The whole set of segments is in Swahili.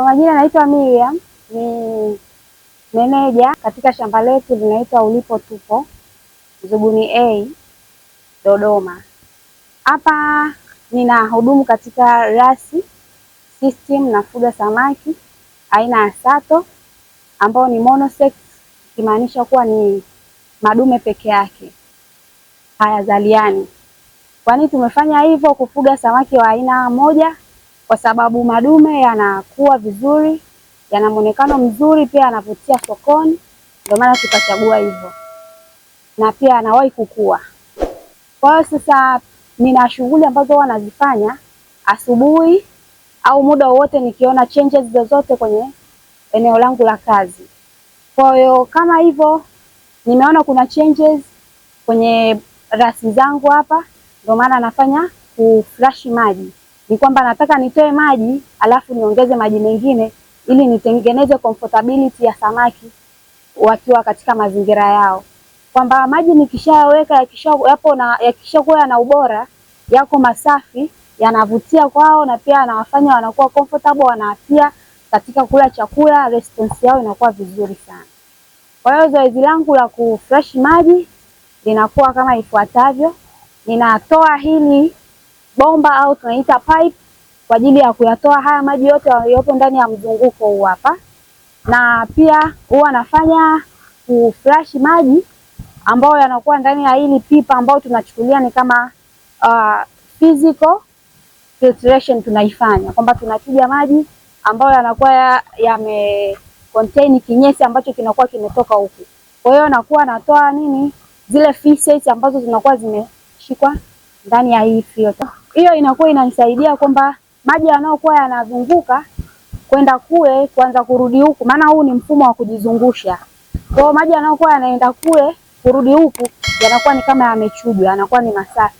Kwa majina naitwa Miriam, ni meneja katika shamba letu linaitwa Ulipo Tupo Mzuguni A Dodoma. Hapa nina hudumu katika rasi system na fuga samaki aina ya sato ambao ni monosex, ikimaanisha kuwa ni madume peke yake hayazaliani. Kwani tumefanya hivyo kufuga samaki wa aina moja kwa sababu madume yanakuwa vizuri, yana muonekano mzuri, pia yanavutia sokoni, ndio maana tukachagua hivyo, na pia anawahi kukua. Kwa hiyo sasa nina shughuli ambazo huwa nazifanya asubuhi au muda wowote nikiona changes zozote kwenye eneo langu la kazi. Kwa hiyo kama hivyo nimeona kuna changes kwenye rasi zangu hapa, ndio maana nafanya kuflash maji ni kwamba nataka nitoe maji alafu niongeze maji mengine ili nitengeneze comfortability ya samaki wakiwa katika mazingira yao, kwamba maji nikishayaweka yakishakuwa yakisha na ubora, yako masafi, yanavutia kwao na pia anawafanya wanakuwa comfortable, wanaapia katika kula chakula, response yao inakuwa vizuri sana. Kwa hiyo zoezi langu la kufresh maji linakuwa kama ifuatavyo: ninatoa hili bomba au tunaita pipe kwa ajili ya kuyatoa haya maji yote yaliyopo ndani ya mzunguko huu hapa, na pia huwa anafanya kuflash maji ambayo yanakuwa ndani ya hili pipa ambayo tunachukulia ni kama uh, physical filtration tunaifanya kwamba tunachuja maji ambayo yanakuwa yame contain kinyesi ambacho kinakuwa kimetoka huku. Kwa hiyo anakuwa natoa nini zile feces ambazo zinakuwa zimeshikwa ndani ya hii filter. Hiyo inakuwa inanisaidia kwamba maji yanayokuwa yanazunguka kwenda kule kuanza kurudi huku, maana huu ni mfumo wa kujizungusha. Kwa hiyo maji yanayokuwa yanaenda kule kurudi huku yanakuwa ni kama yamechujwa, yanakuwa ni masafi.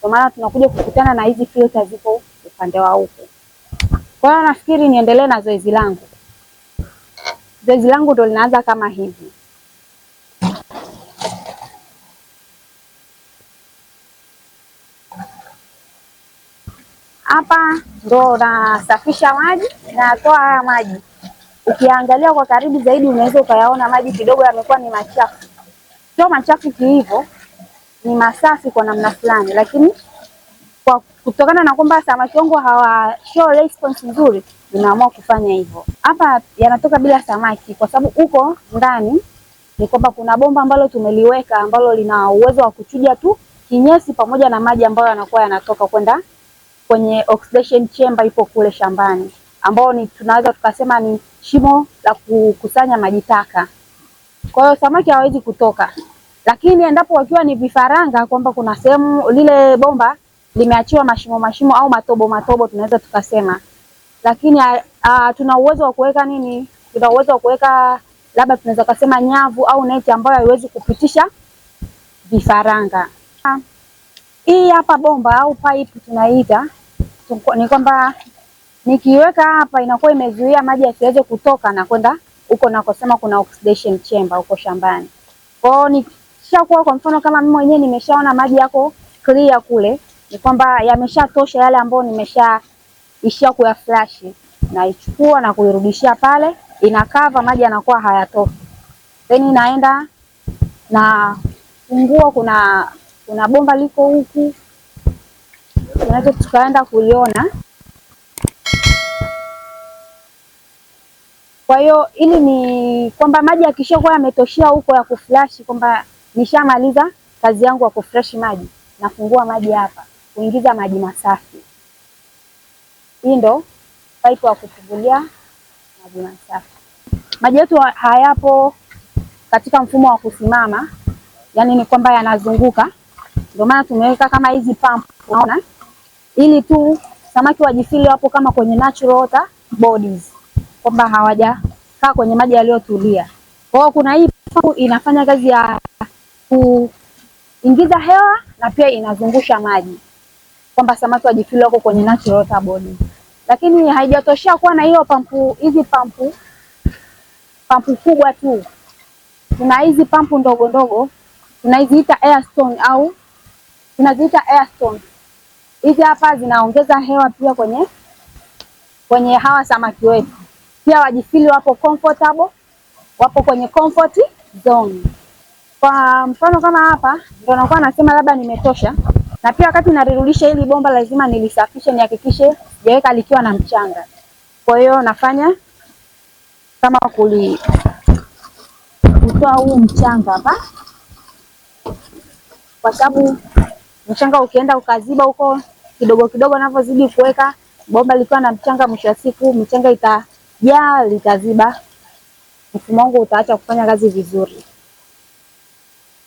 Kwa maana tunakuja kukutana na hizi filter ziko upande wa huku. Kwa hiyo nafikiri niendelee na zoezi langu. Zoezi langu ndo linaanza kama hivi. Hapa ndo nasafisha maji na toa haya maji. Ukiangalia kwa karibu zaidi, unaweza ukayaona maji kidogo yamekuwa ni machafu. Sio machafu kihivyo, ni masafi kwa namna fulani, lakini kwa kutokana na kwamba samaki wangu hawa show response nzuri, unaamua kufanya hivyo. Hapa yanatoka bila samaki, kwa sababu huko ndani ni kwamba kuna bomba ambalo tumeliweka ambalo lina uwezo wa kuchuja tu kinyesi pamoja na maji ambayo yanakuwa yanatoka kwenda kwenye oxidation chamber ipo kule shambani, ambao ni tunaweza tukasema ni shimo la kukusanya maji taka. Kwa hiyo samaki hawezi kutoka, lakini endapo wakiwa ni vifaranga, kwamba kuna sehemu lile bomba limeachiwa mashimo mashimo au matobo matobo, tunaweza tukasema, lakini a, ah, a, ah, tuna uwezo wa kuweka nini, tuna uwezo wa kuweka labda tunaweza kusema nyavu au neti ambayo haiwezi kupitisha vifaranga. Hii hapa bomba au pipe tunaiita ni kwamba nikiweka hapa inakuwa imezuia maji yasiweze kutoka na kwenda huko nakosema kuna oxidation chamber huko shambani. hiyo nikishakuwa kwa mfano kama mimi mwenyewe nimeshaona maji yako clear kule, ni kwamba yameshatosha yale ambayo nimeshaishia kuya flash, naichukua na kuirudishia pale, inakava maji yanakuwa hayatoki. Then inaenda na fungua, kuna kuna bomba liko huku tunaweza tukaenda kuliona. Kwa hiyo ili ni kwamba maji yakishakuwa yametoshea huko ya kuflash, kwamba nishamaliza kazi yangu ya kufresh maji, nafungua maji hapa kuingiza maji masafi. Hii ndo pipe ya kufungulia maji masafi. Maji yetu hayapo katika mfumo wa kusimama, yaani ni kwamba yanazunguka, ndio maana tumeweka kama hizi pump, unaona ili tu samaki wajifili wapo kama kwenye natural water bodies, kwamba hawajakaa kwenye maji yaliyotulia. Kwa hiyo kuna hii inafanya kazi ya kuingiza hewa na pia inazungusha maji, kwamba samaki wajifili wako kwenye natural water bodies. Lakini haijatoshea kuwa na hiyo pampu, hizi pampu pampu kubwa tu, kuna hizi pampu ndogo ndogo tunaziita airstone au tunaziita airstone hizi hapa zinaongeza hewa pia kwenye kwenye hawa samaki wetu, pia wajifili wapo comfortable, wapo kwenye comfort zone. Kwa mfano kama hapa ndio nakuwa nasema labda nimetosha, na pia wakati nalirudisha hili bomba lazima nilisafishe, nihakikishe sijaweka likiwa na mchanga. Kwa hiyo nafanya kama kuli kutoa huu mchanga hapa, kwa sababu mchanga ukienda ukaziba huko kidogo kidogo, navyozidi kuweka bomba likiwa na mchanga, mwisho wa siku mchanga itajaa, litaziba, mfumo wangu utaacha kufanya kazi vizuri.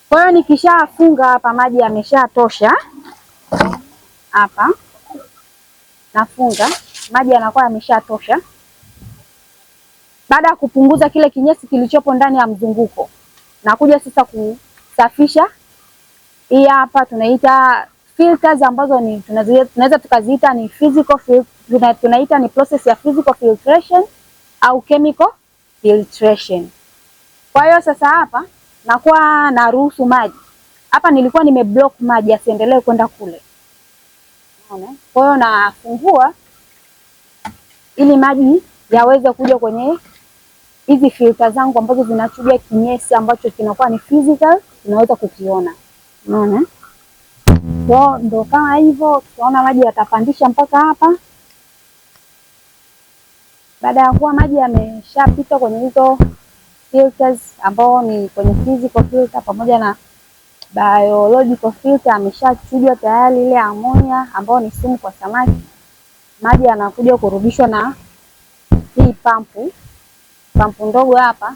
Kwa hiyo nikishafunga hapa, maji yameshatosha hapa, nafunga maji yanakuwa yameshatosha. Baada ya kupunguza kile kinyesi kilichopo ndani ya mzunguko, nakuja sasa kusafisha hii hapa tunaita filters ambazo ni tunaweza tukaziita ni physical filter, tunaita ni process ya physical filtration au chemical filtration. Kwa hiyo sasa hapa nakuwa naruhusu maji hapa, nilikuwa nimeblock maji asiendelee kwenda kule. Unaona? Kwa hiyo nafungua ili maji yaweze kuja kwenye hizi filter zangu ambazo zinachuja kinyesi ambacho kinakuwa ni physical, tunaweza kukiona unaona kwa ndo kama hivyo. Tunaona maji yatapandisha mpaka hapa. Baada ya kuwa maji yameshapita kwenye hizo filters ambao ni kwenye physical filter pamoja na biological filter, ameshachujwa tayari ile amonia ambayo ni sumu kwa samaki. Maji yanakuja kurudishwa na hii pampu, pampu ndogo hapa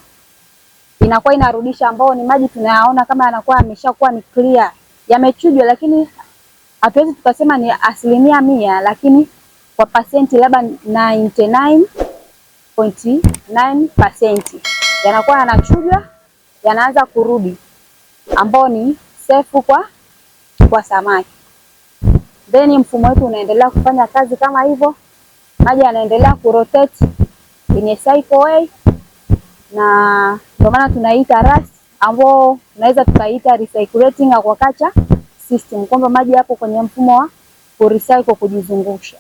inakuwa inarudisha, ambao ni maji tunayaona kama yanakuwa yameshakuwa ni clear, yamechujwa, lakini hatuwezi tukasema ni asilimia mia, lakini kwa pasenti labda 99.9% yanakuwa yanachujwa, yanaanza kurudi, ambao ni sefu kwa kwa samaki. Then mfumo wetu unaendelea kufanya kazi kama hivyo, maji yanaendelea kurotate kwenye cycle way na kwa maana tunaita RAS ambao tunaweza tukaita recirculating aquaculture system, kwamba maji yapo kwenye mfumo wa kurecycle, kujizungusha.